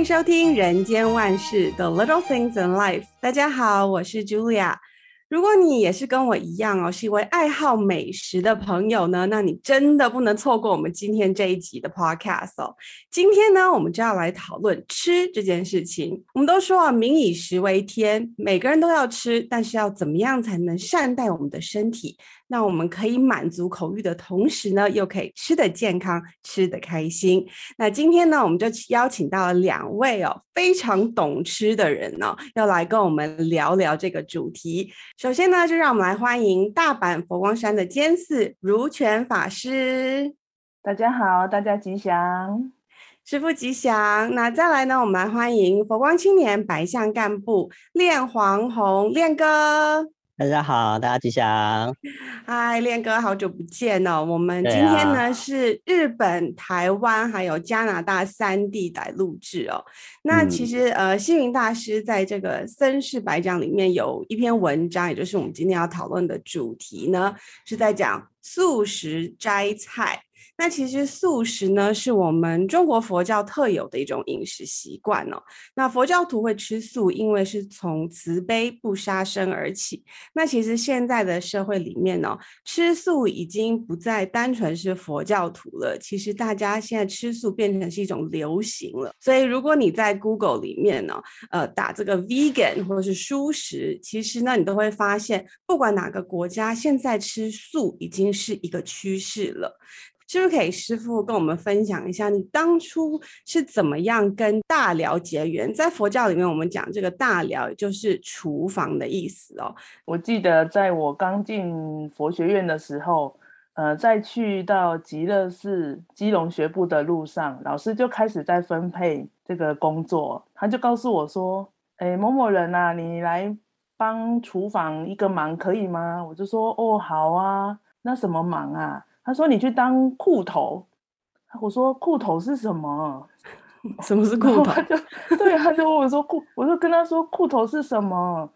歡迎收聽人間萬事的「The Little Things in Life」。大家好，我是 Julia。如果你也是跟我一樣哦，是一位愛好美食的朋友呢，那你真的不能錯過我們今天這一集的 Podcast 哦。今天呢，我們就要來討論吃這件事情。我們都說啊，民以食為天，每個人都要吃，但是要怎麼樣才能善待我們的身體？那我們可以滿足口欲的同時呢，又可以吃得健康、吃得開心。那今天呢，我們就邀請到了兩位哦，非常懂吃的人呢、哦，要來跟我們聊聊這個主題。首先呢，就讓我們來歡迎大阪佛光山的監寺如全法師。大家好，大家吉祥，師父吉祥。那再來呢，我們來歡迎佛光青年、白象幹部練黃紅練哥。大家好，大家吉祥！嗨，練哥，好久不見哦。我們今天呢、啊、是日本、台灣還有加拿大三地在錄制哦。那其實、嗯、呃，星雲大師在這個《僧事百講》裡面有一篇文章，也就是我們今天要討論的主題呢，是在講素食齋菜。那其實素食呢，是我們中國佛教特有的一種飲食習慣哦。那佛教徒會吃素，因為是從慈悲不殺生而起。那其實現在的社會裡面呢、哦，吃素已經不再單純是佛教徒了。其實大家現在吃素變成是一種流行了。所以如果你在 Google 裡面呢、哦，呃，打這個 vegan 或是素食，其實呢，你都會發現，不管哪個國家，現在吃素已經是一個趨勢了。是不是可以師父跟我們分享一下，你當初是怎麼樣跟大寮結緣？在佛教裡面，我們講這個大寮就是廚房的意思哦。我記得在我剛進佛學院的時候，呃，在去到極樂寺基隆學部的路上，老師就開始在分配這個工作，他就告訴我說：“哎，某某人吶、啊，你來幫廚房一個忙，可以嗎？”我就說：“哦，好啊，那什麼忙啊？”他說：“你去當庫頭。”我說：“庫頭是什麼？哦、什麼是庫頭？”他就對，他就問我說：“褲， 我就跟他說：“庫頭是什麼？”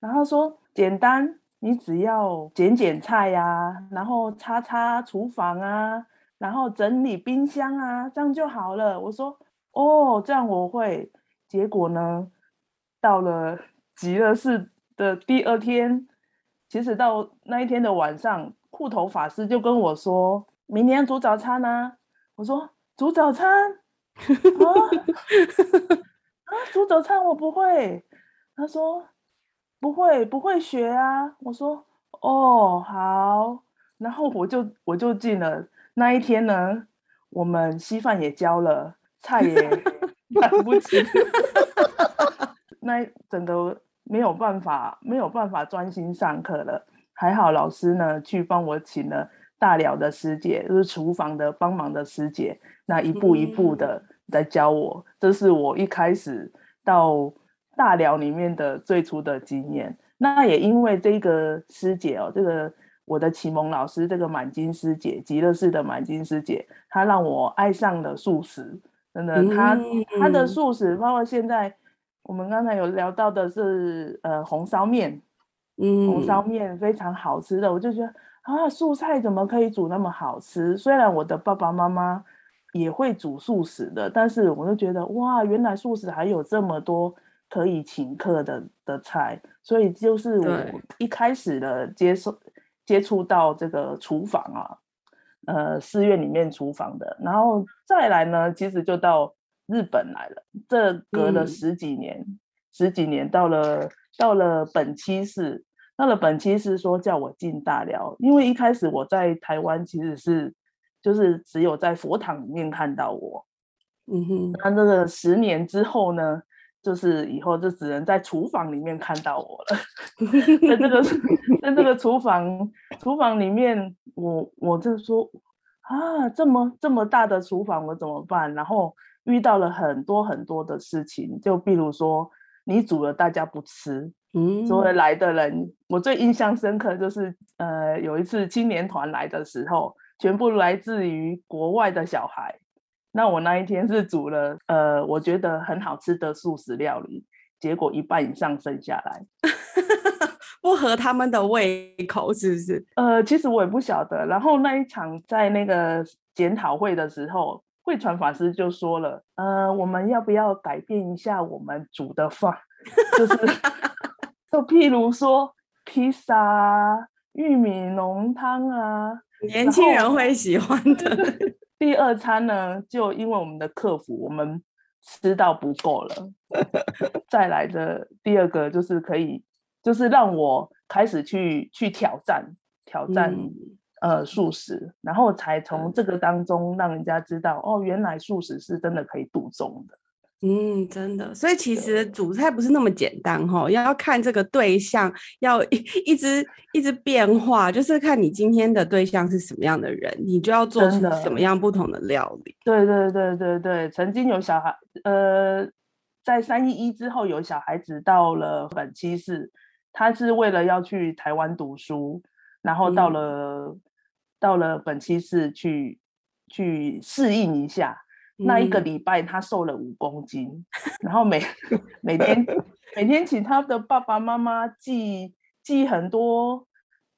然後他說：“簡單，你只要剪剪菜呀、啊，然後擦擦廚房啊，然後整理冰箱啊，這樣就好了。”我說：“哦，這樣我會。”結果呢，到了極樂寺的第二天，其實到那一天的晚上。庫頭法師就跟我說：“明天煮早餐啊。”我說：“煮早餐啊？ 啊，煮早餐我不會。”他說：“不會，不會學啊。”我說：“哦，好。”然後我就我就進了，那一天呢，我們稀飯也焦了，菜也不吃。 那真的沒有辦法，沒有辦法專心上課了。還好老師呢，去幫我請了大寮的師姐，就是廚房的幫忙的師姐，那一步一步的在教我，嗯、這是我一開始到大寮裡面的最初的經驗。那也因為這個師姐哦，這個我的啟蒙老師，這個滿金師姐，極樂寺的滿金師姐，她讓我愛上了素食，真的，嗯、她她的素食包括現在我們剛才有聊到的是呃紅燒麵。嗯，紅燒麵非常好吃的，我就覺得啊，素菜怎麼可以煮那麼好吃？雖然我的爸爸媽媽也會煮素食的，但是我就覺得哇，原來素食還有這麼多可以請客的的菜。所以就是我一開始的接觸對接觸到這個廚房啊，呃，寺院裡面廚房的，然後再來呢，其實就到日本來了。這隔了十幾年，嗯、十幾年到了到了本期是本棲寺。他的本期是說叫我進大寮，因為一開始我在台灣其實是就是只有在佛堂裡面看到我，嗯哼。那這個十年之後呢，就是以後就只能在廚房裡面看到我了。 在這個在這個廚房廚房裡面我，我我就說啊，這麼這麼大的廚房我怎麼辦？然後遇到了很多很多的事情，就比如說你煮了大家不吃。嗯，所以來的人，我最印象深刻就是，呃，有一次青年團來的時候，全部來自於國外的小孩。那我那一天是煮了，呃，我覺得很好吃的素食料理，結果一半以上剩下來， 不合他們的胃口，是不是？呃，其實我也不曉得。然後那一場在那個檢討會的時候，慧傳法師就說了，呃，我們要不要改變一下我們煮的飯？就是。 就譬如說披薩、啊、玉米濃湯啊，年輕人會喜歡的。第二餐呢，就因為我們的客服，我們吃到不夠了， 再來的第二個就是可以，就是讓我開始去去挑戰挑戰、嗯、呃素食，然後才從這個當中讓人家知道，嗯、哦，原來素食是真的可以度眾的。的嗯，真的，所以其實煮菜不是那麼簡單哈、哦，對要看這個對象，要一一直一直變化，就是看你今天的對象是什麼樣的人，你就要做出什麼樣不同的料理。對對對對對，曾經有小孩，呃，在三一一之後有小孩子到了本棲寺，他是為了要去台灣讀書，然後到了、嗯、到了本棲寺去去適應一下。那一個禮拜，他瘦了五公斤，然後每每天每天請他的爸爸媽媽寄寄很多，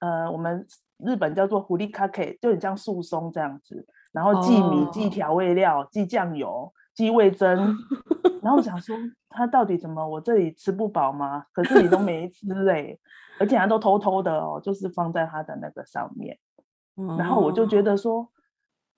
呃，我們日本叫做フリカケ，就很像素鬆，這樣子，然後寄米，哦，寄調味料，寄醬油，寄味噌，然後想說他到底怎麼，我這裡吃不飽嗎？可是你都沒吃哎，欸，而且他都偷偷的哦，就是放在他的那個上面，然後我就覺得說，哦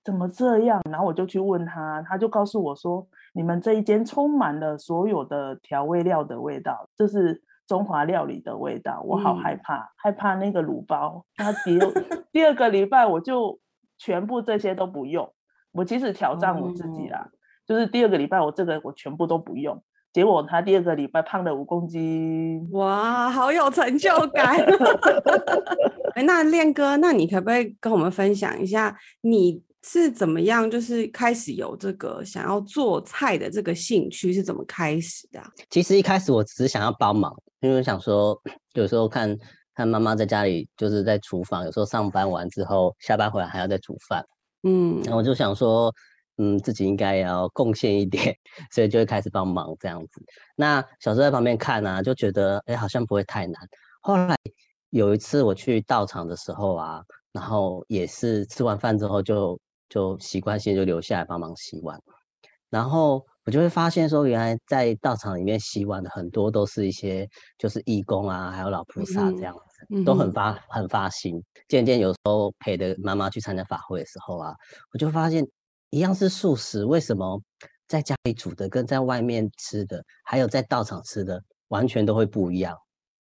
怎麼這樣？然後我就去問他，他就告訴我說：“你們這一間充滿了所有的調味料的味道，這是中華料理的味道。”我好害怕，嗯、害怕那個滷包。他第二 第二個禮拜我就全部這些都不用。我其實挑戰我自己啦、啊，嗯、就是第二個禮拜我這個我全部都不用。結果他第二個禮拜胖了五公斤，哇，好有成就感、 欸。那練哥，那你可不可以跟我們分享一下你？是怎麼樣？就是開始有這個想要做菜的這個興趣是怎麼開始的啊？其實一開始我只是想要幫忙，因為我想說有時候看看媽媽在家裡就是在廚房，有時候上班完之後下班回來還要再煮飯，嗯，然後我就想說，嗯，自己應該要貢獻一點，所以就會開始幫忙這樣子。那小時候在旁邊看啊，就覺得哎，好像不會太難。後來有一次我去道場的時候啊，然後也是吃完飯之後就。就習慣性就留下來幫忙洗碗，然後我就會發現說，原來在道場裡面洗碗的很多都是一些就是義工啊，還有老菩薩這樣子，都很發很發心。漸漸，有時候陪着媽媽去參加法會的時候啊，我就發現一樣是素食，為什麼在家裡煮的跟在外面吃的，還有在道場吃的完全都會不一樣。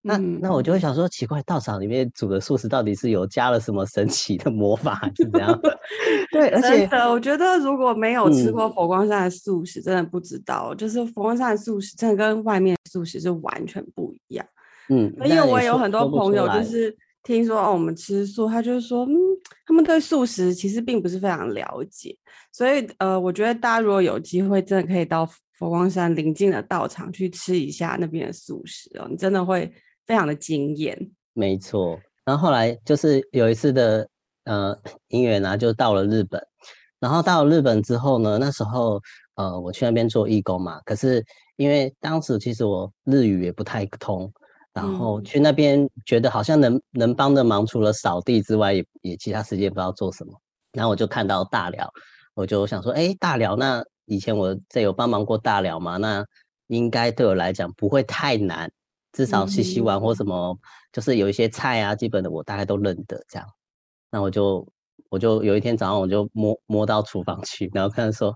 那那我就會想說，奇怪，道場裡面煮的素食到底是有加了什麼神奇的魔法，還是怎樣？ 對，而且真的我覺得如果沒有吃過佛光山的素食，嗯、真的不知道。就是佛光山的素食真的跟外面的素食是完全不一樣。嗯，因為我也有很多朋友，就是聽說，說哦，我們吃素，他就是說，嗯，他們對素食其實並不是非常了解。所以呃，我覺得大家如果有機會，真的可以到佛光山鄰近的道場去吃一下那邊的素食哦，你真的會。非常的驚豔，沒錯。然後後來就是有一次的呃因緣，啊，就到了日本。然後到了日本之後呢，那時候呃，我去那邊做義工嘛，可是因為當時其實我日語也不太通，然後去那邊覺得好像能、嗯、能幫的忙，除了掃地之外也，也也其他時間不知道做什麼。然後我就看到大寮，我就想說，哎，大寮，那以前我這有幫忙過大寮嗎？那應該對我來講不會太難。至少洗洗碗或什麼，嗯嗯，就是有一些菜啊，基本的我大概都認得這樣。那我就我就有一天早上，我就摸摸到廚房去，然後跟他說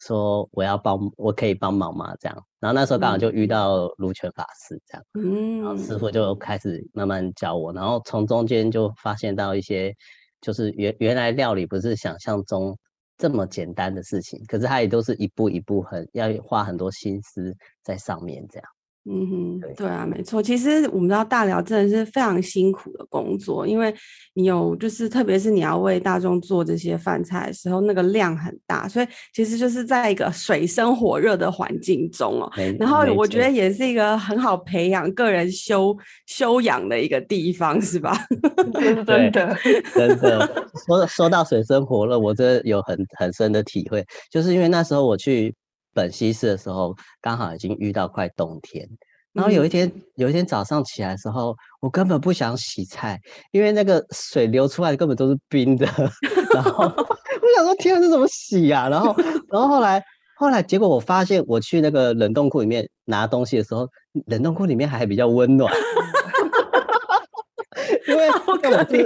說我要幫，我可以幫忙嗎？這樣。然後那時候剛好就遇到盧泉法師這樣，嗯，然後師傅就開始慢慢教我，然後從中間就發現到一些，就是原原來料理不是想象中這麼簡單的事情，可是它也都是一步一步很要花很多心思在上面這樣。嗯哼，對啊，沒錯。其實我們知道大寮真的是非常辛苦的工作，因為你有就是，特別是你要為大眾做這些飯菜的時候，那個量很大，所以其實就是在一個水深火熱的環境中哦、喔。沒然後我覺得也是一個很好培養錯個人修修養的一個地方，是吧？ 對的，真的。 說說到水深火熱，我真的有很很深的體會，就是因為那時候我去。本西市的時候，剛好已經遇到快冬天，然後有一天，嗯、有一天早上起來的時候，我根本不想洗菜，因為那個水流出來的根本都是冰的。然後 我想說，天啊，這怎麼洗呀？然後，然後後來，後來結果我發現，我去那個冷凍庫裡面拿東西的時候，冷凍庫裡面還還比較溫暖。 因為我是，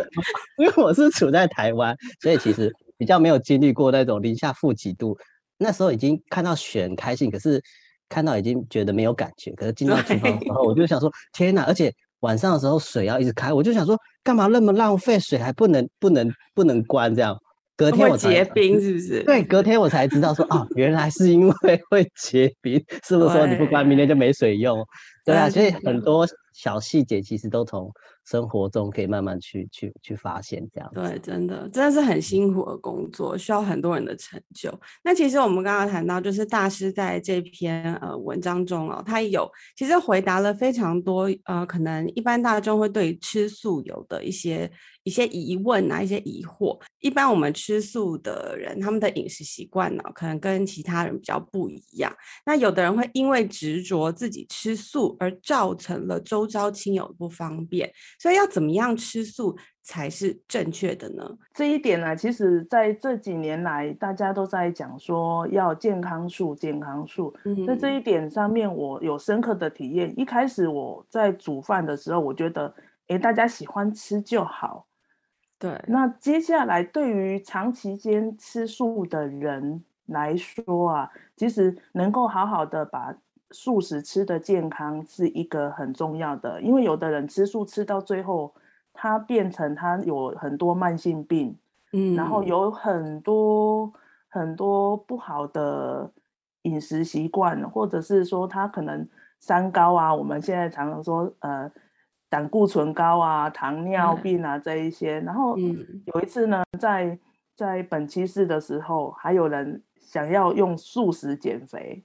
因為我是處在台灣，所以其實比較沒有經歷過那種零下負幾度。那時候已經看到雪很開心，可是看到已經覺得沒有感覺。可是進到廚房的時候，對我就想說：天吶，而且晚上的時候水要一直開，我就想說：幹嘛那麼浪費？水還不能、不能、不能關？這樣隔天我才結冰是不是，是？對，隔天我才知道說：哦、 啊，原來是因為會結冰，是不是說你不關，對明天就沒水用？對啊，真的所以很多。小細節其實都從生活中可以慢慢去去去發現，這樣子。對，真的真的是很辛苦的工作，需要很多人的成就。那其實我們剛剛談到，就是大師在這篇呃文章中哦，他有其實回答了非常多呃，可能一般大眾會對於吃素有的一些一些疑問啊，一些疑惑。一般我們吃素的人，他們的飲食習慣呢、哦，可能跟其他人比較不一樣。那有的人會因為執着自己吃素而造成了周遭。招親友不方便，所以要怎麼樣吃素才是正確的呢？這一點呢，啊，其實在這幾年來，大家都在講說要健康素，健康素。嗯哼。在這一點上面，我有深刻的體驗。一開始我在煮飯的時候，我覺得，誒，大家喜歡吃就好。對。那接下來，對於長期間吃素的人來說啊，其實能夠好好的把。素食吃的健康是一個很重要的，因為有的人吃素吃到最後，他變成他有很多慢性病，嗯，然後有很多很多不好的飲食習慣，或者是說他可能三高啊，我們現在常常說呃膽固醇高啊、糖尿病啊這一些，然後有一次呢，在在本期室的時候，還有人想要用素食減肥。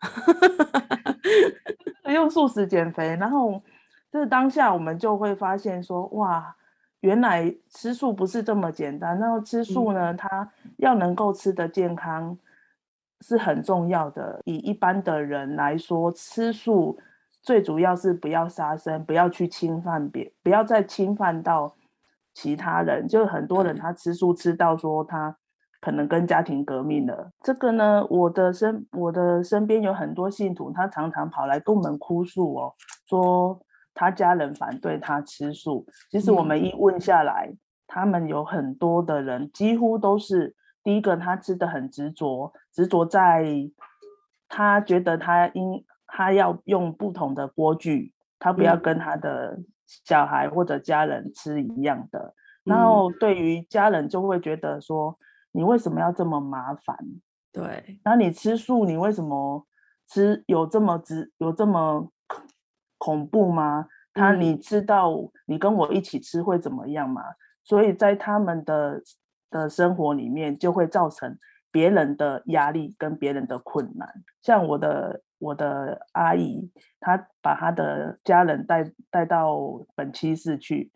用素食減肥，然後就是當下我們就會發現說，哇，原來吃素不是這麼簡單。然後吃素呢，嗯、它要能夠吃得健康是很重要的。以一般的人來說，吃素最主要是不要殺生，不要去侵犯別，不要再侵犯到其他人。嗯、就是很多人他吃素吃到說他。可能跟家庭革命了。這個呢，我的身我的身邊有很多信徒，他常常跑來跟我們哭訴哦，說他家人反對他吃素。其實我們一問下來，嗯、他們有很多的人，幾乎都是第一個他吃得很執着，執着在他覺得他應他要用不同的鍋具，他不要跟他的小孩或者家人吃一樣的。嗯、然後對於家人就會覺得說。你為什麼要這麼麻煩？對，那你吃素，你為什麼吃有這麼直有這麼恐恐怖嗎？嗯、他你知道你跟我一起吃會怎麼樣嗎？所以在他們的的生活裡面就會造成別人的壓力跟別人的困難。像我的我的阿姨，她把她的家人帶帶到本棲寺去，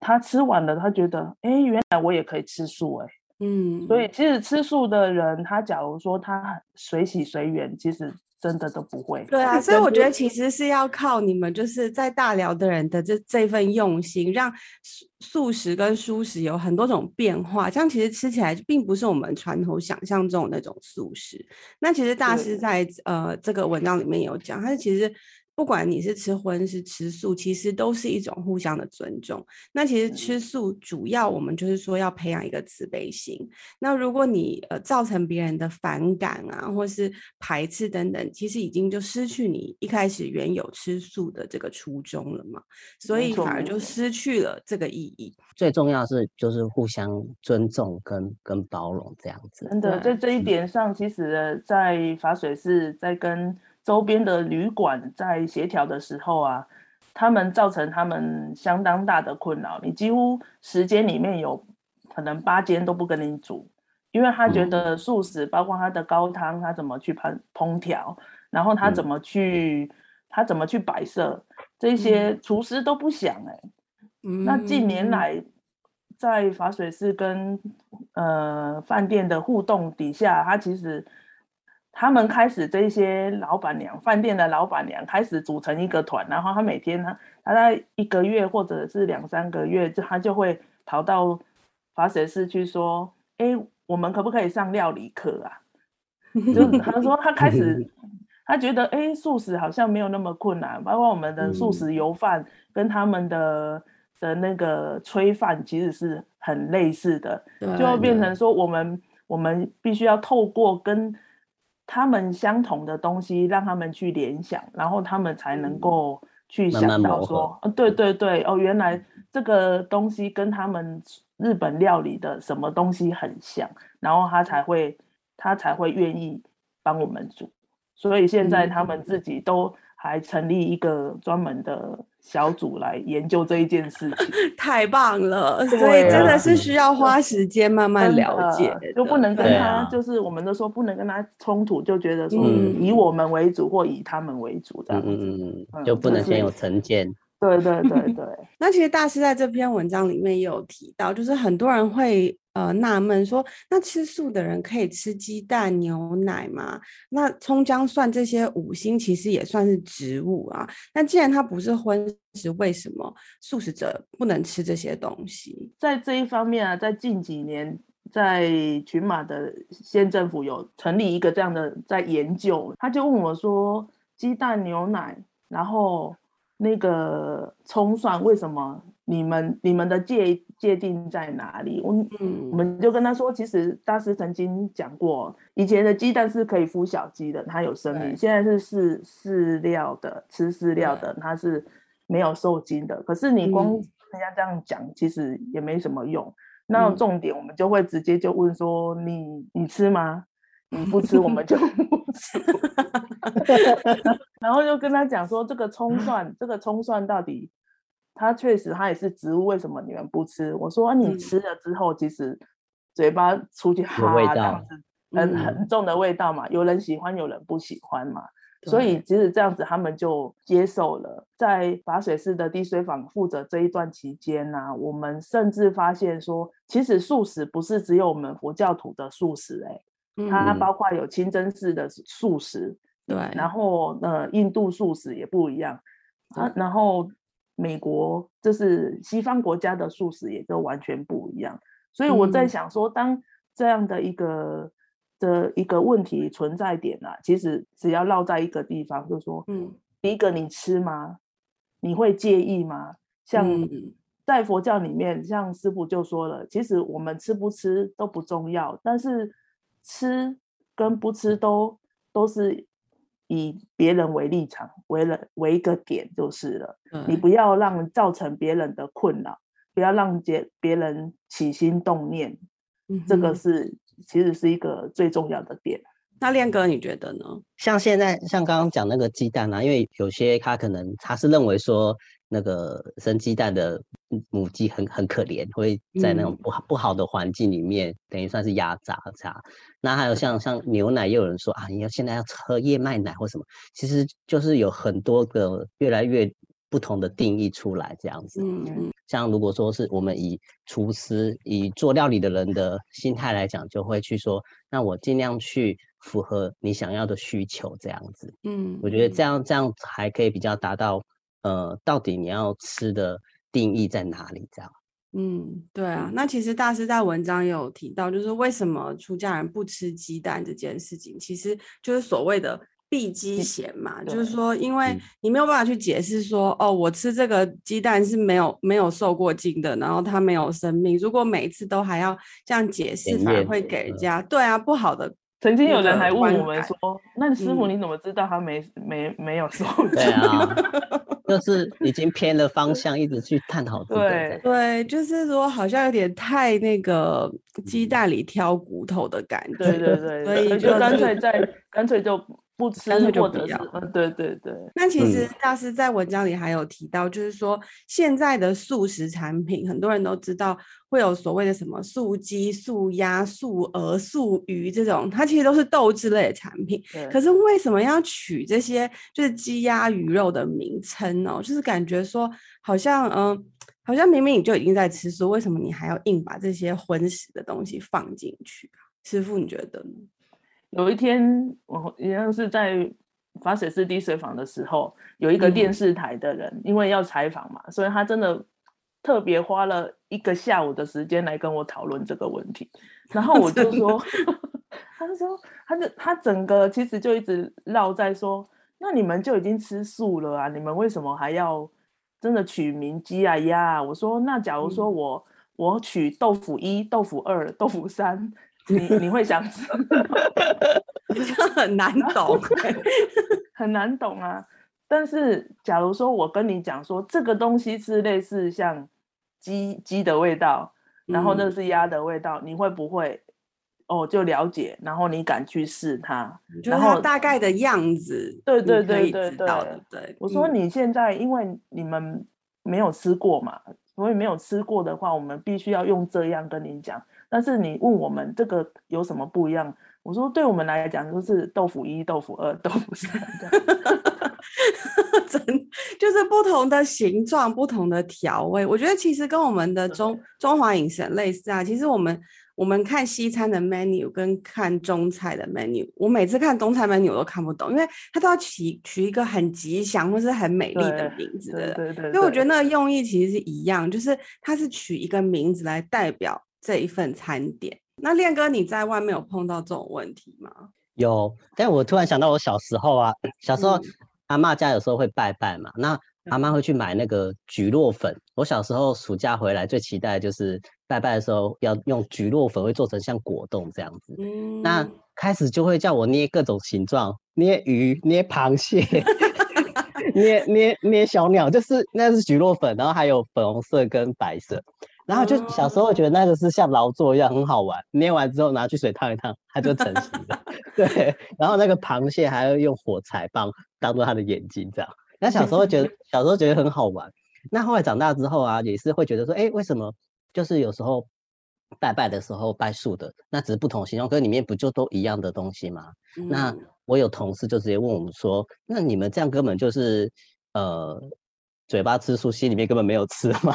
她吃完了，她覺得，誒、欸，原來我也可以吃素，欸，誒。嗯，所以其實吃素的人，他假如說他隨喜隨緣，其實真的都不會。對啊、嗯，所以我覺得其實是要靠你們，就是在大寮的人的這這份用心，讓素素食跟蔬食有很多種變化，這樣其實吃起來並不是我們傳統想象中的那種素食。那其實大師在對呃這個文章裡面有講，他其實。不管你是吃葷是吃素，其實都是一種互相的尊重。那其實吃素主要我們就是說要培養一個慈悲心。那如果你呃造成別人的反感啊，或是排斥等等，其實已經就失去你一開始原有吃素的這個初衷了嘛，所以反而就失去了這個意義。沒錯，最重要是就是互相尊重跟跟包容這樣子。真的，在。對，這一點上，其實，嗯、在法水寺在跟。周邊的旅館在協調的時候啊，他們造成他們相當大的困擾。你幾乎十間裡面有可能八間都不跟你煮，因為他覺得素食包括他的高湯，他怎麼去烹調，然後他怎麼去、嗯、他怎麼去擺設，這些廚師都不想哎、欸。那近年來在法水寺跟呃飯店的互動底下，他其實。他們開始這些老板娘，飯店的老板娘開始組成一個團，然後他每天呢，他大概一個月或者是兩三個月，就他就會逃到法水寺去說：“哎、欸，我們可不可以上料理課啊？”就他說他開始， 他覺得哎、欸，素食好像沒有那麼困難，包括我們的素食油飯跟他們的 的那個炊飯，其實是很類似的， 就變成說我們我們必須要透過跟。他們相同的東西，讓他們去聯想，然後他們才能夠去想到說，嗯，慢慢磨合。啊，對對對，哦，原來這個東西跟他們日本料理的什麼東西很像，然後他才會他才會願意幫我們煮。所以現在他們自己都還成立一個專門的。小組來研究這一件事情， 太棒了！啊、所以真的是需要花時間慢慢了解，啊就，就不能跟他，啊、就是我們都說不能跟他衝突，就覺得說以我們為主或以他們為主這樣子，就不能先有成見。對，對對對對。 那其實大師在這篇文章裡面也有提到，就是很多人會。呃，納悶說，那吃素的人可以吃雞蛋、牛奶嗎？那蔥、薑、蒜這些五辛其實也算是植物啊。那既然它不是葷食，為什麼素食者不能吃這些東西？在這一方面啊，在近幾年，在群馬的縣政府有成立一個這樣的在研究，他就問我說，雞蛋、牛奶，然後。那個蔥蒜為什麼你們你們的界界定在哪裡？我我們就跟他說，其實大師曾經講過，以前的雞蛋是可以孵小雞的，它有生命；對現在是飼飼料的，吃飼料的，對它是沒有受精的。可是你光人家這樣講，嗯、其實也沒什麼用。那重點我們就會直接就問說，你你吃嗎？ 你不吃我們就不吃， 然後就跟他講說，這個蔥蒜，嗯、這個蔥蒜到底，它確實它也是植物，為什麼你們不吃？我說、啊、你吃了之後，嗯、其實嘴巴出去哈、啊，這樣子很很重的味道嘛，嗯、有人喜歡，有人不喜歡嘛。對所以其實這樣子，他們就接受了。在法水寺的滴水坊負責這一段期間呢、啊，我們甚至發現說，其實素食不是只有我們佛教徒的素食、欸，它包括有清真寺的素食，嗯、對，然後呃，印度素食也不一樣，啊對，然後美國就是西方國家的素食也就完全不一樣，所以我在想說，當這樣的一個、嗯、的一個問題存在點啊，其實只要繞在一個地方，就是說，嗯，第一個你吃嗎？你會介意嗎？像在佛教裡面，像師父就說了，其實我們吃不吃都不重要，但是。吃跟不吃都都是以別人為立場，為人為一個點就是了。嗯、你不要讓造成別人的困擾，不要讓別別人起心動念，嗯、哼這個是其實是一個最重要的點。那亮哥，你覺得呢？像現在像剛剛講那個雞蛋啊，因為有些他可能他是認為說。那個生雞蛋的母雞很很可憐，會在那種不不好的環境裡面，等於算是壓榨它。那還有像像牛奶，又有人說啊，你要現在要喝燕麥奶或什麼，其實就是有很多個越來越不同的定義出來這樣子。嗯嗯。嗯，像如果說是我們以廚師、以做料理的人的心態來講，就會去說，那我盡量去符合你想要的需求這樣子。嗯，我覺得這樣這樣還可以比較達到。呃，到底你要吃的定義在哪裡？這樣，嗯，對啊，嗯、那其實大師在文章也有提到，就是為什麼出家人不吃雞蛋這件事情，其實就是所謂的避譏嫌嘛，對就是說，因為你沒有辦法去解釋說，對哦，嗯、我吃這個雞蛋是沒有沒有受過精的，然後它沒有生命，如果每一次都還要這樣解釋，面反而會給人家、呃、對啊不好的。曾經有人還問我們說，嗯、那師父你怎麼知道他沒沒沒有受精啊？ 就是已經偏了方向，一直去探討。 對對，就是說好像有點太那個雞蛋裡挑骨頭的感覺。 對對對，所以就是，所以就乾脆在，乾 脆就。不吃就得了。對對對。那其實大師在文章裡還有提到，就是說，現在的素食產品，很多人都知道會有所謂的什麼素雞、素鴨、素鵝、素魚這種，它其實都是豆製類的產品。可是為什麼要取這些就是雞鴨魚肉的名稱呢？就是感覺說好像嗯、呃，好像明明你就已經在吃素，為什麼你還要硬把這些葷食的東西放進去啊？師父，你覺得呢？有一天，我一樣是在法水寺滴水坊的時候，有一個電視台的人，嗯、因為要採訪嘛，所以他真的特別花了一個下午的時間來跟我討論這個問題。然後我就說， 的他就說，他就他整個其實就一直繞在說，那你們就已經吃素了啊，你們為什麼還要真的取名雞啊鴨啊？我說，那假如說我、嗯、我取豆腐一、豆腐二、豆腐三。 你你會想，吃， 這樣很難懂， 很難懂啊！但是，假如說我跟你講說這個東西是類似像雞雞的味道，然後那是鴨的味道，嗯、你會不會哦就了解，然後你敢去試它？嗯、然後大概的樣子的，對對對對對，對，對，對。我說你現在、嗯、因為你們沒有吃過嘛，所以沒有吃過的話，我們必須要用這樣跟你講。但是你問我們這個有什麼不一樣？我說，對我們來講，就是豆腐一、豆腐二、豆腐三， 真就是不同的形狀、不同的調味。我覺得其實跟我們的中對中華飲食很類似啊。其實我們我們看西餐的 menu 跟看中菜的 menu，我每次看中菜 menu 我都看不懂，因為它都要取取一個很吉祥或是很美麗的名字。對對對。所以我覺得那個用意其實是一樣，就是它是取一個名字來代表。這一份餐點，那練哥，你在外面有碰到這種問題嗎？有，但我突然想到，我小時候啊，小時候阿媽家有時候會拜拜嘛，嗯、那阿媽會去買那個蒟蒻粉。我小時候暑假回來，最期待的就是拜拜的時候要用蒟蒻粉，會做成像果凍這樣子。嗯、那開始就會叫我捏各種形狀，捏魚、捏螃蟹、 捏捏捏小鳥，就是那是蒟蒻粉，然後還有粉紅色跟白色。然後就小時候覺得那個是像勞作一樣很好玩，oh. 捏完之後拿去水燙一燙，它就成型了。 對，然後那個螃蟹還要用火柴棒當做它的眼睛，這樣。那小時候覺得小時候覺得很好玩。 那後來長大之後啊，也是會覺得說，哎，為什麼就是有時候拜拜的時候拜素的，那只是不同形狀，跟裡面不就都一樣的東西嗎？嗯、那我有同事就直接問我們說，那你們這樣根本就是呃嘴巴吃素，心裡面根本沒有吃嘛？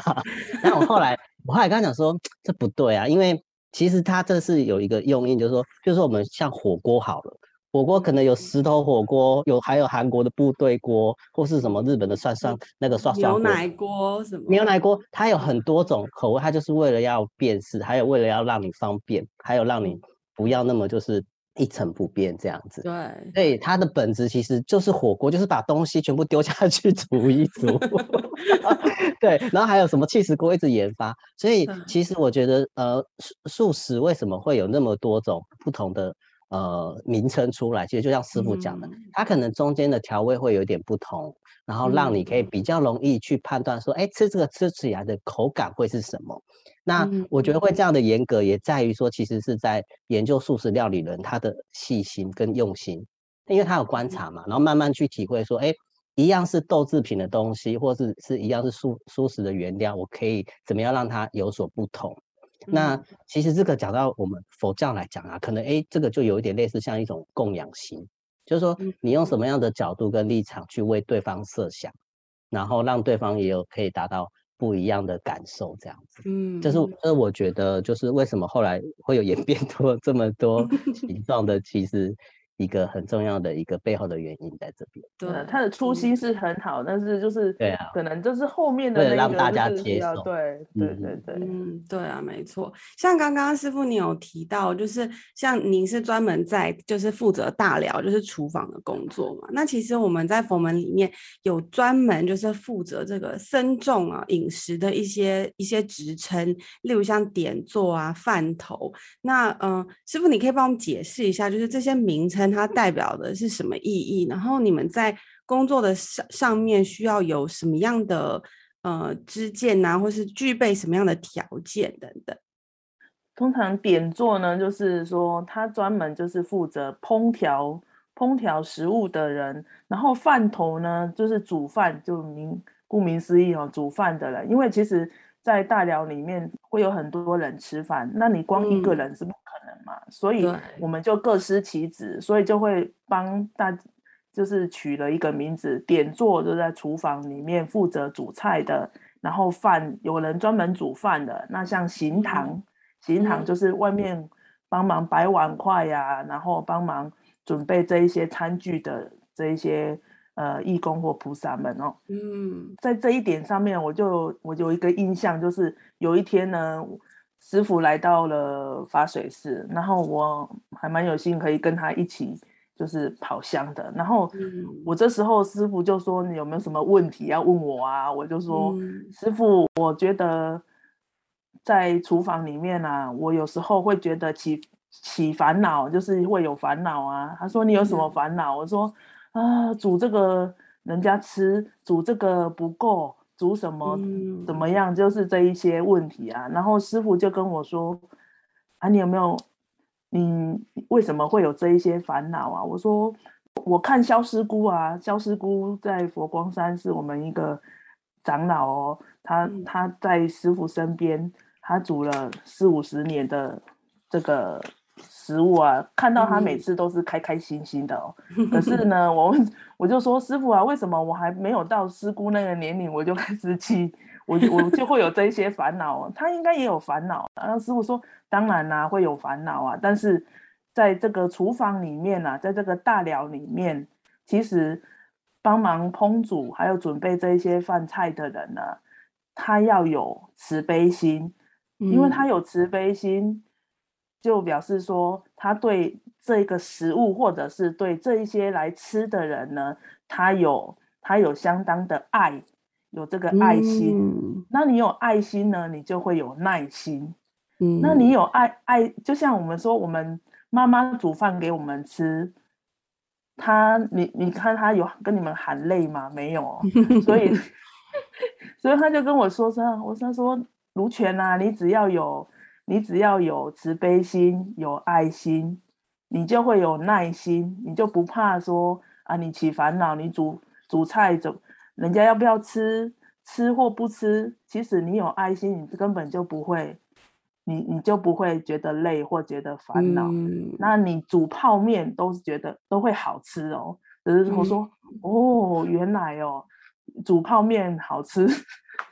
那我後來。 我後來剛才講說，這不對啊，因為其實它，這是有一個用意，就是說，就是說我們像火鍋好了，火鍋可能有石頭火鍋，有還有韓國的部隊鍋，或是什麼日本的涮涮，嗯、那個涮涮鍋，牛奶鍋什麼，牛奶鍋它有很多種口味，它就是為了要辨識，還有為了要讓你方便，還有讓你不要那麼就是。一成不變這樣子，對，對，它的本質其實就是火鍋，就是把東西全部丟下去煮一煮。 對，然後還有什麼起司鍋，一直研發，所以其實我覺得，嗯、呃，素食為什麼會有那麼多種不同的呃名稱出來？其實就像師父講的，嗯嗯，它可能中間的調味會有點不同，然後讓你可以比較容易去判斷說，哎、嗯嗯欸，吃這個吃起來的口感會是什麼。那我覺得會這樣的嚴格，也在於說，其實是在研究素食料理人他的細心跟用心，因為他有觀察嘛，然後慢慢去體會說，哎，一樣是豆制品的東西，或是是一樣是蔬素食的原料，我可以怎麼樣讓它有所不同。嗯、那其實這個講到我們佛教來講啊，可能哎，這個就有一點類似像一種供養型，就是說你用什麼樣的角度跟立場去為對方設想，然後讓對方也有可以達到。不一樣的感受，這樣子，嗯，就是，我覺得，就是為什麼後來會有演變出 這麼多形狀的，其實。一個很重要的一個背後的原因在這邊，對、啊，他的初心是很好，嗯、但是就是對可能就是後面的、啊、那個是要大家提到，對對對，嗯，對啊，沒錯。像剛剛師父你有提到，就是像您是專門在就是負責大寮，就是廚房的工作嘛。那其實我們在佛門裡面有專門就是負責這個僧眾啊飲食的一些一些職稱，例如像典座啊飯頭。那嗯、呃，師父你可以幫我們解釋一下，就是這些名稱。它代表的是什麼意義？然後，你們在工作的上上面需要有什麼樣的呃知見吶或是具備什麼樣的條件等等？通常典座呢，就是說他專門就是負責烹調烹調食物的人。然後飯頭呢，就是煮飯，就名顧名思義哦，煮飯的人。因為其實在大寮裡面會有很多人吃飯，那你光一個人是不可能。嗯所以我們就各司其職，對所以就會幫大，就是取了一個名字。典座就在廚房裡面負責煮菜的，然後飯有人專門煮飯的。那像行堂，嗯、行堂就是外面幫忙擺碗筷呀，啊，嗯、然後幫忙準備這一些餐具的這一些呃義工或菩薩們哦。嗯，在這一點上面，我就我有一個印象，就是有一天呢，師傅來到了法水寺，然後我還蠻有幸可以跟他一起就是跑香的。然後我這時候師傅就說：“你有沒有什麼問題要問我啊？”我就說：“嗯、師傅，我覺得在廚房裡面啊，我有時候會覺得起起煩惱，就是會有煩惱啊。”他說：“你有什麼煩惱？”嗯、我說：“啊，煮這個人家吃，煮這個不夠。”煮什麼怎麼樣？就是這一些問題啊。然後師傅就跟我說：“啊，你有沒有？你為什麼會有這一些煩惱啊？”我說：“我看肖師姑啊，肖師姑在佛光山是我們一個長老哦。他他在師傅身邊，他煮了四五十年的這個。”食物啊，看到他每次都是開開心心的、哦嗯、 可是呢，我我就說師傅啊，為什麼我還沒有到師姑那個年齡，我就開始起，我我就會有這些煩惱。他應該也有煩惱然後、啊、師傅說，當然啦、啊，會有煩惱啊。但是在這個廚房裡面啊，在這個大寮裡面，其實幫忙烹煮還有準備這些飯菜的人呢、啊，他要有慈悲心，因為他有慈悲心。嗯就表示說，他對這個食物，或者是對這一些來吃的人呢，他有他有相當的愛，有這個愛心。嗯，那你有愛心呢，你就會有耐心。嗯，那你有愛愛，就像我們說，我們媽媽煮飯給我們吃，他你你看他有跟你們喊累嗎？沒有，所以 所以他就跟我說說，我說說如權啊，你只要有。你只要有慈悲心、有愛心，你就會有耐心，你就不怕說啊，你起煩惱，你煮煮菜怎，人家要不要吃，吃或不吃，其實你有愛心，你根本就不會，你你就不會覺得累或覺得煩惱。嗯。那你煮泡麵都是覺得都會好吃哦，只是我說，嗯，哦，原來哦，煮泡麵好吃。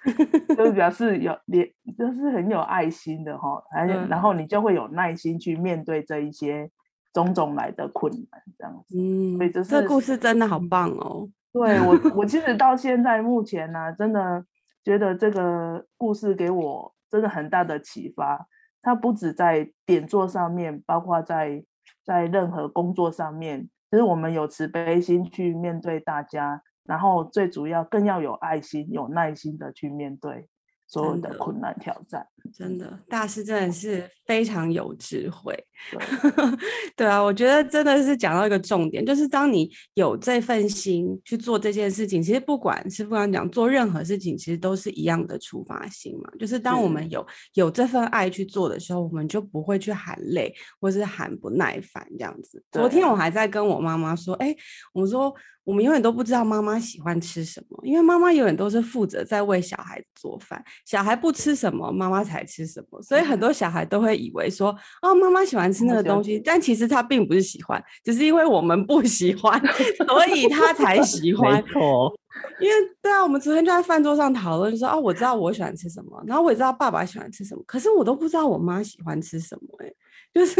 就表示有，你就是很有愛心的哈、哦，還有、嗯，然後你就會有耐心去面對這一些種種來的困難這樣子。嗯，這，這故事真的好棒哦！對我，我其實到現在目前呢、啊， 真的覺得這個故事給我真的很大的啟發。它不止在典座上面，包括在在任何工作上面，其、就、實、是、我們有慈悲心去面對大家。然後最主要更要有愛心、有耐心的去面對所有的困難挑戰。真的，真的大師真的是非常有智慧。對， 對啊，我覺得真的是講到一個重點，就是當你有這份心去做這件事情，其實不管是不管講做任何事情，其實都是一樣的出發心嘛。就是當我們有、嗯、有這份愛去做的時候，我們就不會去喊累，或是喊不耐煩這樣子。了昨天我還在跟我媽媽說，哎、欸，我說。我們永遠都不知道媽媽喜歡吃什麼，因為媽媽永遠都是負責在為小孩做飯，小孩不吃什麼，媽媽才吃什麼。所以很多小孩都會以為說，啊、哦，媽媽喜歡吃那個東西，但其實他並不是喜歡，只是因為我們不喜歡，所以他才喜歡。 沒錯。因為對啊，我們昨天就在飯桌上討論就說，說、哦、啊，我知道我喜歡吃什麼，然後我也知道爸爸喜歡吃什麼，可是我都不知道我媽喜歡吃什麼、欸。 就是，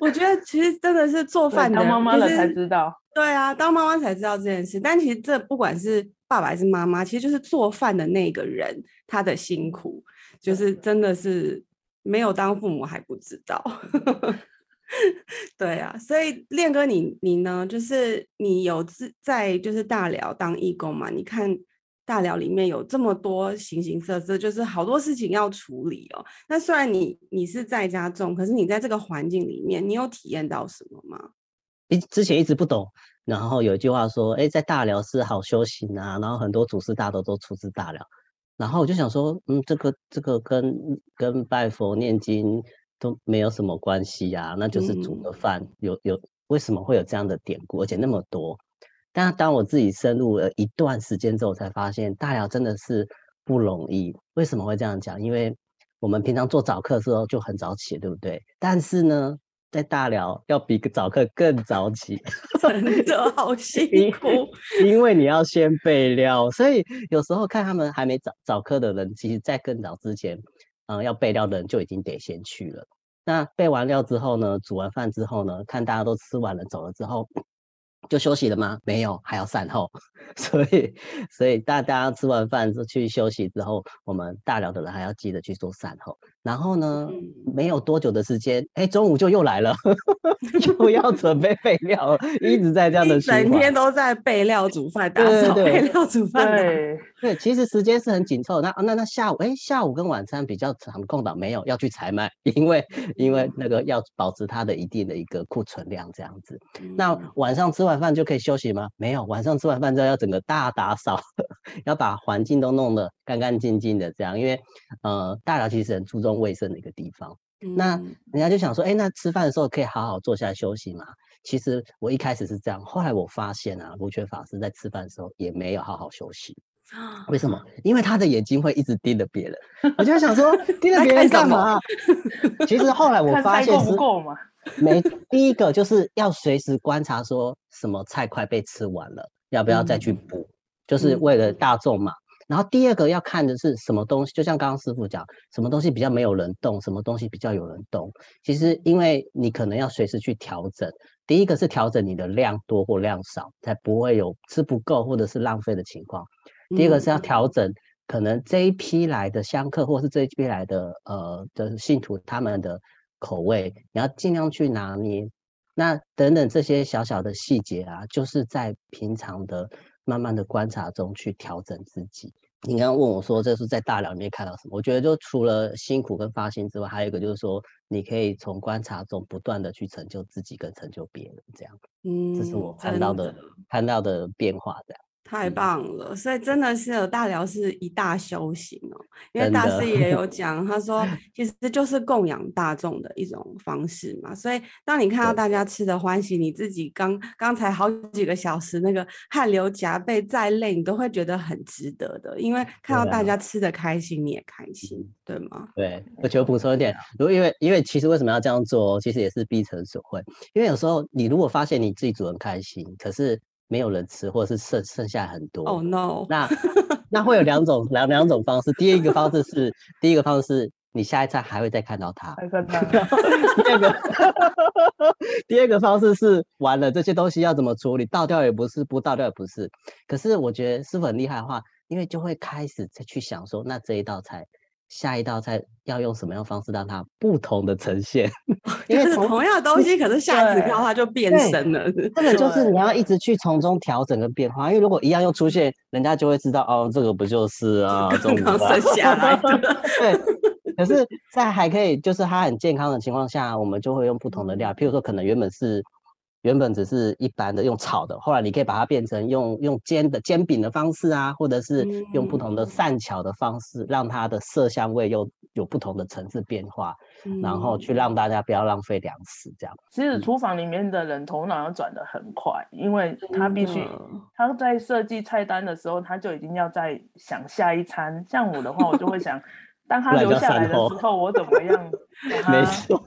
我覺得其實真的是做飯的人當媽媽了才知道。對啊，當媽媽才知道這件事。但其實這不管是爸爸還是媽媽，其實就是做飯的那個人他的辛苦，就是真的是沒有當父母還不知道。 對啊，所以練哥你，你你呢？就是你有在就是大寮當義工嘛？你看。大寮裡面有這麼多形形色色，就是好多事情要處理哦。那雖然你你是在家眾，可是你在這個環境裡面，你有體驗到什麼嗎？誒，之前一直不懂。然後有一句話說，哎、欸，在大寮是好修行啊。然後很多祖師大德都，都出自大寮。然後我就想說，嗯，這個這個跟跟拜佛念經都沒有什麼關係呀、啊。那就是煮的飯、嗯，有有為什麼會有這樣的典故，而且那麼多？但當我自己深入了一段時間之後，才發現大寮真的是不容易。為什麼會這樣講？因為我們平常做早課的時候就很早起，對不對？但是呢，在大寮要比早課更早起， 真的好辛苦。 因為你要先備料，所以有時候看他們還沒早早課的人，其實，在更早之前，嗯，要備料的人就已經得先去了。那備完料之後呢，煮完飯之後呢，看大家都吃完了走了之後。就休息了嗎？沒有，還要善後。所以，所以大家吃完飯就去休息之後，我們大寮的人還要記得去做善後。然後呢，沒有多久的時間，哎、欸，中午就又來了， 又要準備備料了， 一直在這樣的，整天都在備料煮飯，打掃備料煮飯。對對，其實時間是很緊湊。那那那，那下午，哎、欸，下午跟晚餐比較長空檔，沒有要去採買，因為因為那個要保持它的一定的一個庫存量這樣子。那晚上吃完飯就可以休息嗎？沒有，晚上吃完飯之後要整個大打掃， 要把環境都弄得乾乾淨淨的這樣，因為呃，大寮其實很注重衛生的一個地方。那人家就想說，哎、欸，那吃飯的時候可以好好坐下來休息嗎？其實我一開始是這樣，後來我發現啊，盧泉法師在吃飯的時候也沒有好好休息。為什麼？因為他的眼睛會一直盯着別人， 我就想說盯着別人幹嘛？其實後來我發現是夠不夠嘛 沒第一個就是要隨時觀察，說什麼菜快被吃完了，要不要再去補？嗯、就是為了大眾嘛。嗯、然後第二個要看的是什麼東西，就像剛剛師父講，什麼東西比較沒有人動，什麼東西比較有人動。其實因為你可能要隨時去調整，第一個是調整你的量多或量少，才不會有吃不夠或者是浪費的情況。第一個是要調整，可能這一批來的香客，或是這一批來的呃的、就是、信徒，他們的口味，你要盡量去拿捏。那等等這些小小的細節啊，就是在平常的慢慢的觀察中去調整自己。你剛剛問我說，這是在大寮裡面看到什麼？我覺得就除了辛苦跟發心之外，還有一個就是說，你可以從觀察中不斷的去成就自己跟成就別人，這樣。嗯。這是我看到的樣看到的變化，這樣。太棒了，所以真的是有大寮是一大修行哦，因為大師也有講，他說其實就是供養大眾的一種方式嘛。所以當你看到大家吃的歡喜，你自己剛剛才好幾個小時那個汗流浹背再累，你都會覺得很值得的，因為看到大家吃的開心，你也開心對對、啊，對嗎？對，我覺得補充一點，如果因為因為其實為什麼要這樣做，其實也是必成所會，因為有時候你如果發現你自己煮很開心，可是。沒有人吃，或者是剩剩下很多。哦，no！那那會有兩種兩兩種方式。第一個方式是， 第一個方式，你下一餐還會再看到它。 第二個， 第二個方式是完了這些東西要怎麼處理？倒掉也不是，不倒掉也不是。可是我覺得師父很厲害的話，因為就會開始再去想說，那這一道菜。下一道菜要用什麼樣方式讓它不同的呈現？因為 就是同樣的東西，你可是下次做它就變身了。這個就是你要一直去從中調整跟變化，對因為如果一樣又出現，人家就會知道哦，這個不就是啊，重複。剛，剛生下來 對。 可是，在還可以就是它很健康的情況下，我們就會用不同的料，譬如說，可能原本是。原本只是一般的用炒的，後來你可以把它變成用用煎的煎餅的方式啊，或者是用不同的善巧的方式，嗯、讓它的色香味又有不同的層次變化，嗯、然後去讓大家不要浪費糧食這樣。其實廚房裡面的人頭腦要轉得很快，嗯、因為他必須他在設計菜單的時候，他就已經要在想下一餐。像我的話，我就會想， 當他留下來的時候，我怎麼樣沒？沒錯。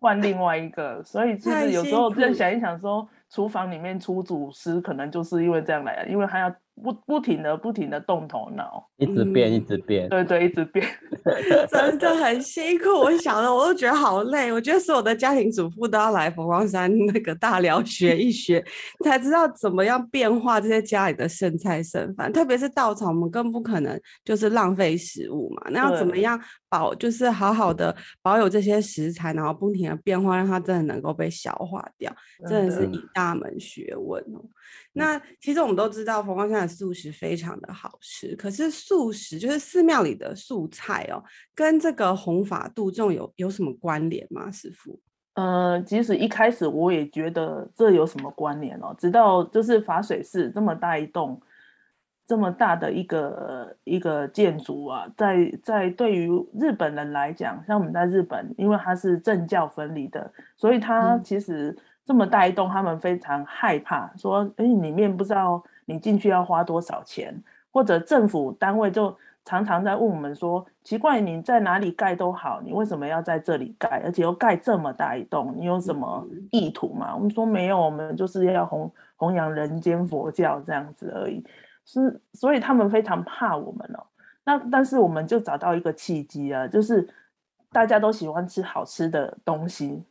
換另外一個，嗯、所以其實有時候就想一想說，說廚房裡面出主食，可能就是因為這樣來的，因為他要。不不停的不停的動頭腦，一直變，一直變，嗯、對對，一直變， 真的很辛苦。我想的我都覺得好累。我覺得所有的家庭主婦都要來佛光山那個大寮學一學， 才知道怎麼樣變化這些家裡的剩菜剩飯。特別是稻草，我們更不可能就是浪費食物嘛。那要怎麼樣保，對就是好好的保有這些食材，然後不停的變化，讓它真的能夠被消化掉。真的,真的是一大門學問。那其實我們都知道，佛光山的素食非常的好吃。可是素食就是寺廟裡的素菜哦、喔，跟這個弘法度眾有有什麼關聯嗎？師傅？呃，其實一開始我也覺得這有什麼關聯哦、喔，直到就是法水寺這麼大一棟，這麼大的一個一個建築啊，在在對於日本人來講，像我們在日本，因為它是政教分離的，所以它其實。嗯這麼大一棟，他們非常害怕，說：“誒，裡面不知道你進去要花多少錢，或者政府單位就常常在問我們說，奇怪，你在哪裡蓋都好，你為什麼要在這裡蓋，而且又蓋這麼大一棟，你有什麼意圖嗎？”嗯。我們說：“沒有，我們就是要弘弘揚人間佛教這樣子而已。”是，所以他們非常怕我們哦。那但是我們就找到一個契機啊，就是大家都喜歡吃好吃的東西。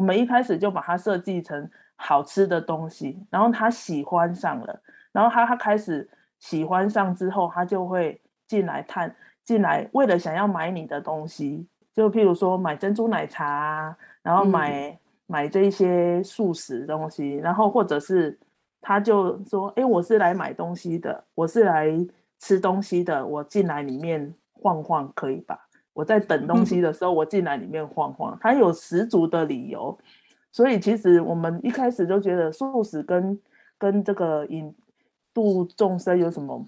我們一開始就把它設計成好吃的東西，然後他喜歡上了，然後他他開始喜歡上之後，他就會進來探進來，為了想要買你的東西，就譬如說買珍珠奶茶，然後買、嗯、買這些素食東西，然後或者是他就說：“哎，我是來買東西的，我是來吃東西的，我進來裡面晃晃可以吧？”我在等東西的時候，我進來裡面晃晃，他有十足的理由，所以其實我們一開始都覺得素食跟跟這個引度眾生有什麼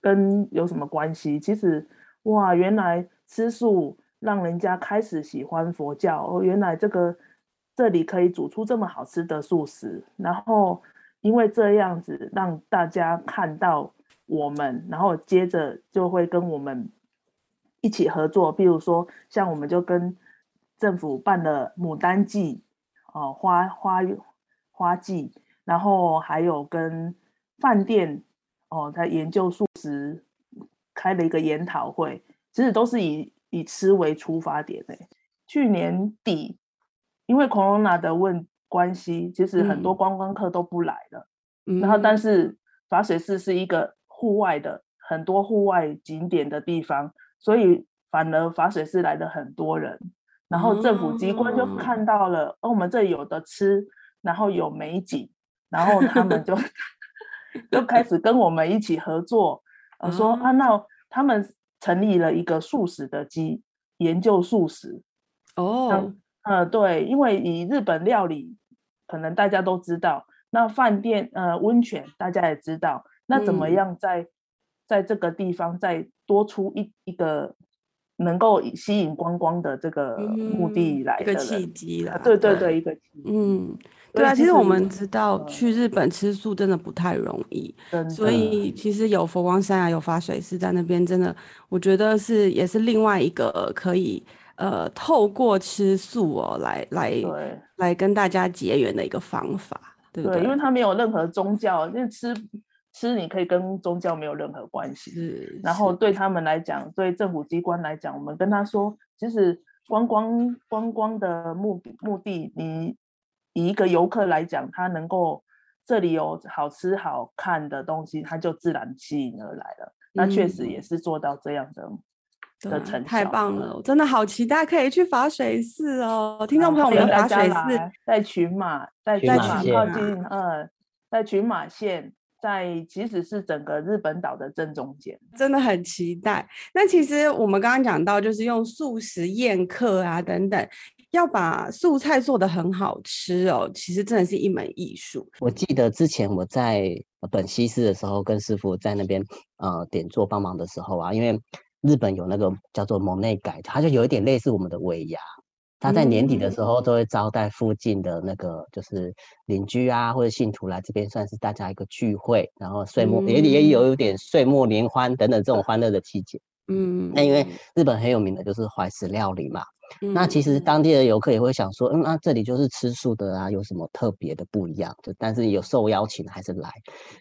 跟有什麼關係？其實哇，原來吃素讓人家開始喜歡佛教哦，原來這個這裡可以煮出這麼好吃的素食，然後因為這樣子讓大家看到我們，然後接着就會跟我們。一起合作，比如說像我們就跟政府辦的牡丹季，哦，花花花季，然後還有跟飯店哦，他研究素食開了一個研討會，其實都是以以吃為出發點的、欸、去年底、嗯、因為 Corona 的問關係，其實很多觀光客都不來了。嗯、然後但是法水寺是一個戶外的很多戶外景點的地方。所以，反而法水寺來的很多人，然後政府機關就看到了，oh. 哦，我們這有的吃，然後有美景，然後他們就 就開始跟我們一起合作，呃、說啊，那他們成立了一個素食的機，研究素食。哦、oh. 啊，嗯、呃，對，因為以日本料理，可能大家都知道，那飯店呃溫泉大家也知道，那怎麼樣在？嗯在這個地方再多出一一個能夠吸引觀光、光的這個目的來的、嗯、一個契機來。啊、對對對，一個嗯，對啊，其實我們知道去日本吃素真的不太容易，嗯、所以其實有佛光山啊，有法水寺在那邊，真的我覺得是也是另外一個可以呃透過吃素哦來來對來跟大家結緣的一個方法，對，不對，對，因為它沒有任何宗教，就是吃。吃你可以跟宗教沒有任何關係，是然後對他們來講，是對政府機關來講，我們跟他說，其實觀光觀光，光，光的目的目的，你以，以一個遊客來講，他能夠這裡有好吃好看的東西，他就自然吸引而來了。那、嗯、確實也是做到這樣的、嗯、的成效。太棒了，對我真的好期待可以去法水寺哦，啊、聽眾朋友們，法水寺在群馬，在群馬靠近、啊、在群馬縣。嗯在其實是整個日本島的正中間，真的很期待。那其實我們剛剛講到，就是用素食宴客啊等等，要把素菜做得很好吃哦，其實真的是一門藝術。我記得之前我在本棲寺的時候，跟師傅在那邊呃點做幫忙的時候啊，因為日本有那個叫做忘年會，它就有一點類似我們的尾牙。他在年底的時候都會招待附近的那個就是鄰居啊，或者信徒來這邊，算是大家一個聚會。然後歲末、嗯、也也有有點歲末年歡等等這種歡樂的季節。嗯，那因為日本很有名的就是懷石料理嘛。嗯、那其實當地的遊客也會想說，嗯，那、嗯啊、這裡就是吃素的啊，有什麼特別的不一樣？就但是有受邀請還是來。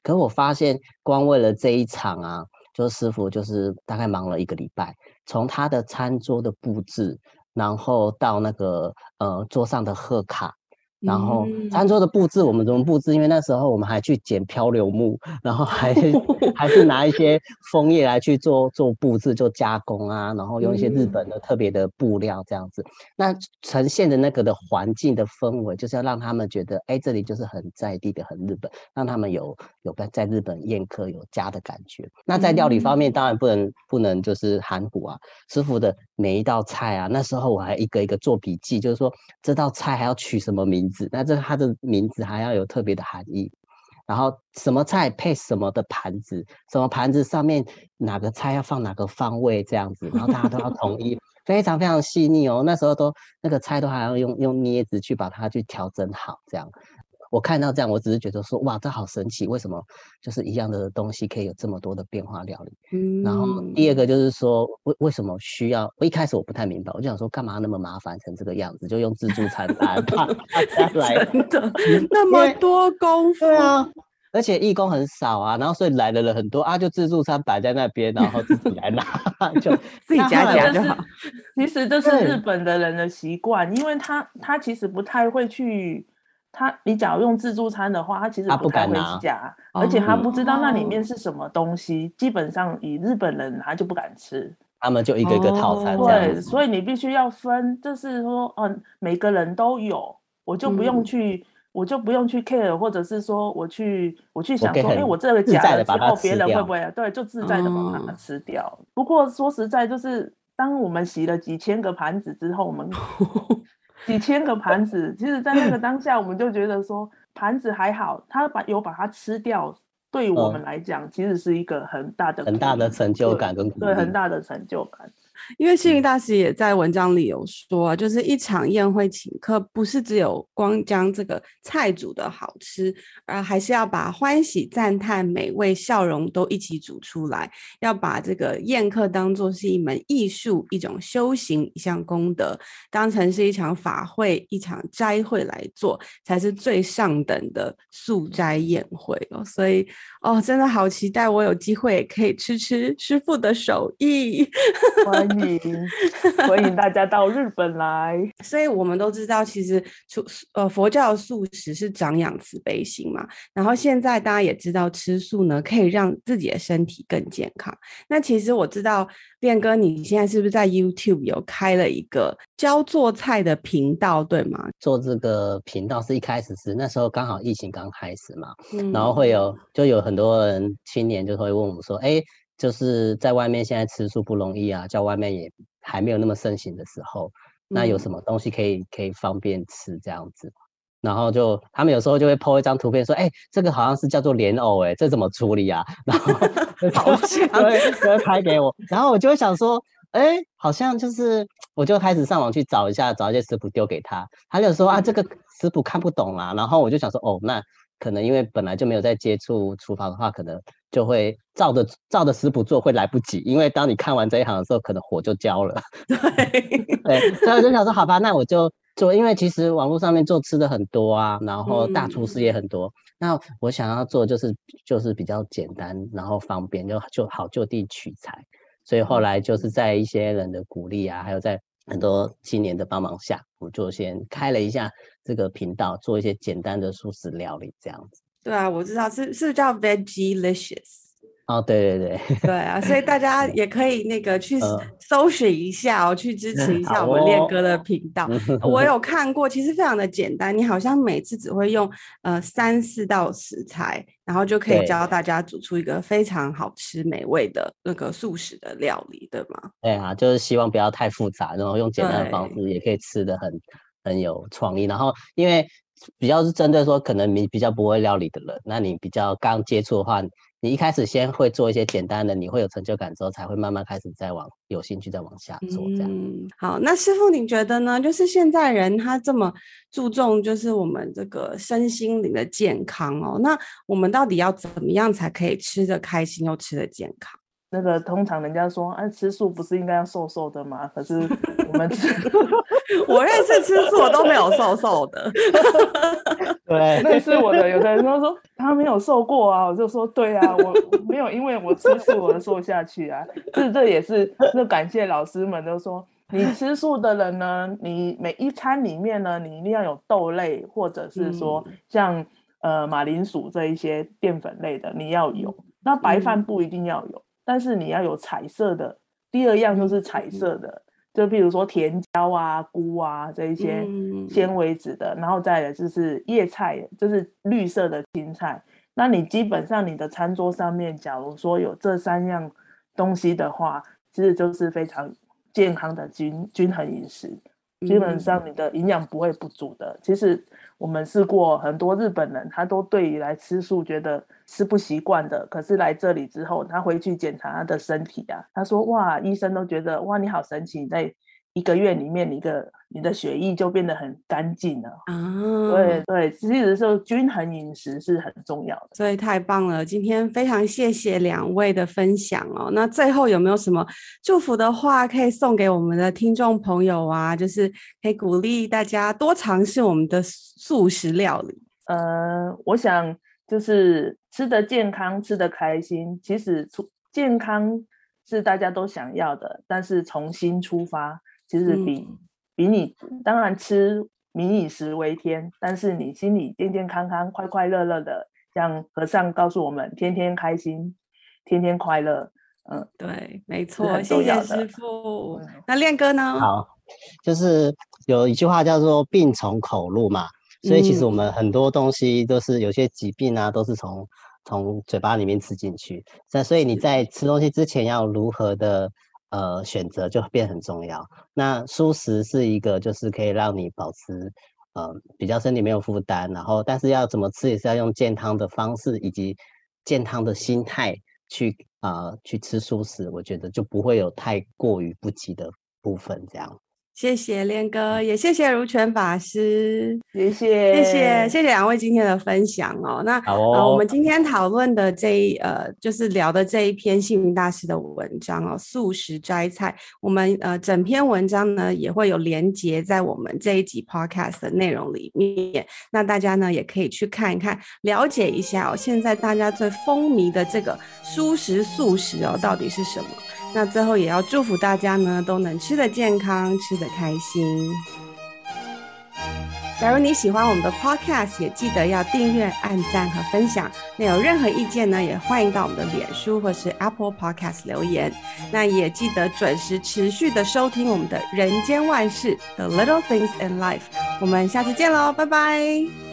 可是我發現，光為了這一場啊，就是師父就是大概忙了一個禮拜，從他的餐桌的布置。然後到那個呃桌上的賀卡。然後餐桌的布置我們怎麼布置？因為那時候我們還去撿漂流木，然後還 還是拿一些楓葉來去做做布置，做加工啊。然後用一些日本的特別的布料這樣子，嗯、那呈現的那個的環境的氛圍就是要讓他們覺得，哎，這裡就是很在地的、很日本，讓他們有有個在日本宴客有家的感覺。嗯、那在料理方面當然不能不能就是含糊啊，師傅的每一道菜啊，那時候我還一個一個做筆記，就是說這道菜還要取什麼名。那這它的名字還要有特別的含義，然後什麼菜配什麼的盤子，什麼盤子上面哪個菜要放哪個方位這樣子，然後大家都要統一， 非常非常細膩哦。那時候都那個菜都還要用用鑷子去把它去調整好這樣。我看到這樣，我只是覺得說，哇，這好神奇！為什麼就是一樣的東西可以有這麼多的變化料理？嗯，然後第二個就是說，為為什麼需要？我一開始我不太明白，我就想說，幹嘛那麼麻煩成這個樣子？就用自助餐來， 把來真的，嗯，那麼多功夫啊！而且義工很少啊，然後所以來的人很多啊，就自助餐擺在那邊，然後自己來拿， 就自己夾起來就好。其實這是日本的人的習慣，對因為他他其實不太會去。他，你假如用自助餐的話，他其實不太會夾，不敢夾，而且他不知道那裡面是什麼東西，哦、基本上以日本人他就不敢吃。他們就一個一個套餐、哦、對，嗯、所以你必須要分，就是說，嗯，每個人都有，我就不用去，嗯、我就不用去 care，或者是說，我去，我去想說，哎，我這個夾了之後別人會不會對，就自在的把它吃掉。嗯、不過說實在，就是當我們洗了幾千個盤子之後，我們。 幾千個盤子，其實在那個當下，我們就覺得說盤子還好，他把有把它吃掉，對我們來講，嗯、其實是一個很大的、很大的成就感跟、對、很大的成就感。因為星雲大師也在文章裡有說啊，就是一場宴會請客，不是只有光將這個菜煮的好吃，而還是要把歡喜、讚嘆、美味、笑容都一起煮出來。要把這個宴客當做是一門藝術、一種修行、一項功德，當成是一場法會、一場齋會來做，才是最上等的素齋宴會哦。所以，哦，真的好期待我有機會可以吃吃師父的手藝。 歡迎大家到日本來。 所以我們都知道，其實素呃佛教素食是長養慈悲心嘛。然後現在大家也知道，吃素呢可以讓自己的身體更健康。那其實我知道，練哥你現在是不是在 YouTube 有開了一個教做菜的頻道，對嗎？做這個頻道是一開始是那時候剛好疫情剛開始嘛，嗯、然後會有就有很多人青年就會問我說，哎。就是在外面現在吃素不容易啊，叫外面也還沒有那麼盛行的時候，那有什麼東西可以可以方便吃這樣子？嗯、然後就他們有時候就會剖一張圖片說，哎、欸，這個好像是叫做蓮藕、欸，哎，這怎麼處理啊？然後，對，會拍給我， 然後我就會想說，哎、欸，好像就是，我就開始上網去找一下，找一些食譜丟給他。他就說啊，這個食譜看不懂啊，然後我就想說，哦，那可能因為本來就沒有在接觸廚房的話，可能。就會照着照着食譜做會來不及，因為當你看完這一行的時候，可能火就焦了。對， 對，所以我就想說，好吧，那我就做，因為其實網絡上面做吃的很多啊，然後大廚師也很多。嗯、那我想要做就是就是比較簡單，然後方便，就就好就地取材。所以後來就是在一些人的鼓勵啊，還有在很多青年的幫忙下，我就先開了一下這個頻道，做一些簡單的素食料理這樣子。對啊，我知道是是叫 Vegilicious 哦？對對對，對啊，所以大家也可以那個去搜尋一下哦，呃、去支持一下我們練哥的頻道。哦、我有看過，其實非常的簡單，你好像每次只會用呃三四道食材，然後就可以教大家煮出一個非常好吃美味的那個素食的料理，對嗎？對啊，就是希望不要太複雜，然後用簡單的方式也可以吃的很對很有創意，然後因為。比較是針對說，可能你比較不會料理的人，那你比較剛接觸的話，你一開始先會做一些簡單的，你會有成就感之後，才會慢慢開始再往有興趣再往下做這樣。嗯、好，那師父你覺得呢？就是現在人他這麼注重，就是我們這個身心靈的健康哦。那我們到底要怎麼樣才可以吃得開心又吃得健康？那個通常人家說，哎、啊，吃素不是應該要瘦瘦的嗎？可是我們， 我認識吃素都沒有瘦瘦的。 對，那是我的。有的人他說他沒有瘦過啊，我就說對啊，我，我沒有，因為我吃素，而瘦下去啊。這 這也是那感謝老師們都說，你吃素的人呢，你每一餐裡面呢，你一定要有豆類，或者是說像、嗯、呃馬鈴薯這一些澱粉類的，你要有。那白飯不一定要有。嗯但是你要有彩色的，第二樣就是彩色的，就譬如說甜椒啊、菇啊這一些纖維質的，然後再來就是葉菜，就是綠色的青菜。那你基本上你的餐桌上面，假如說有這三樣東西的話，其實就是非常健康的均均衡飲食。基本上你的營養不會不足的。其實我們試過很多日本人，他都對於來吃素覺得吃不習慣的。可是來這裡之後，他回去檢查他的身體啊，他說：“哇，醫生都覺得哇，你好神奇，在。”一個月裡面，你的血液就變得很乾淨了啊！對、嗯、對，其實有的時候均衡飲食是很重要的。所以太棒了，今天非常謝謝兩位的分享哦。那最後有沒有什麼祝福的話可以送給我們的聽眾朋友啊？就是可以鼓勵大家多嘗試我們的素食料理。呃，我想就是吃得健康，吃得開心。其實從健康是大家都想要的，但是重新出發。其實比、嗯、比你當然吃，民以食為天，但是你心裡健健康康，快快樂樂的，像和尚告訴我們，天天開心，天天快樂。嗯、呃，對，沒錯，謝謝師父。嗯、那亮哥呢？好，就是有一句話叫做“病從口入”嘛，所以其實我們很多東西都是有些疾病啊，都是從從嘴巴裡面吃進去。那所以你在吃東西之前要如何的？呃，選擇就變很重要。那素食是一個，就是可以讓你保持，呃，比較身體沒有負擔。然後，但是要怎麼吃也是要用健康的方式以及健康的心態去啊、呃、去吃素食。我覺得就不會有太過於不及的部分這樣。謝謝練哥，也謝謝如泉法師，謝謝，謝謝，謝謝兩位今天的分享哦。那好，哦呃，我們今天討論的這一呃，就是聊的這一篇星雲大師的文章哦，素食齋菜，我們呃整篇文章呢也會有連結在我們這一集 podcast 的內容裡面，那大家呢也可以去看一看，了解一下哦。現在大家最風靡的這個蔬食，素食哦，到底是什麼？那最後也要祝福大家呢，都能吃得健康，吃得開心。假如你喜歡我們的 podcast，也記得要訂閱、按讚和分享。那有任何意見呢，也歡迎到我們的臉書或是 Apple Podcast 留言。那也記得準時持續的收聽我們的人間萬事，The Little Things in Life。我們下次見嘍，拜拜。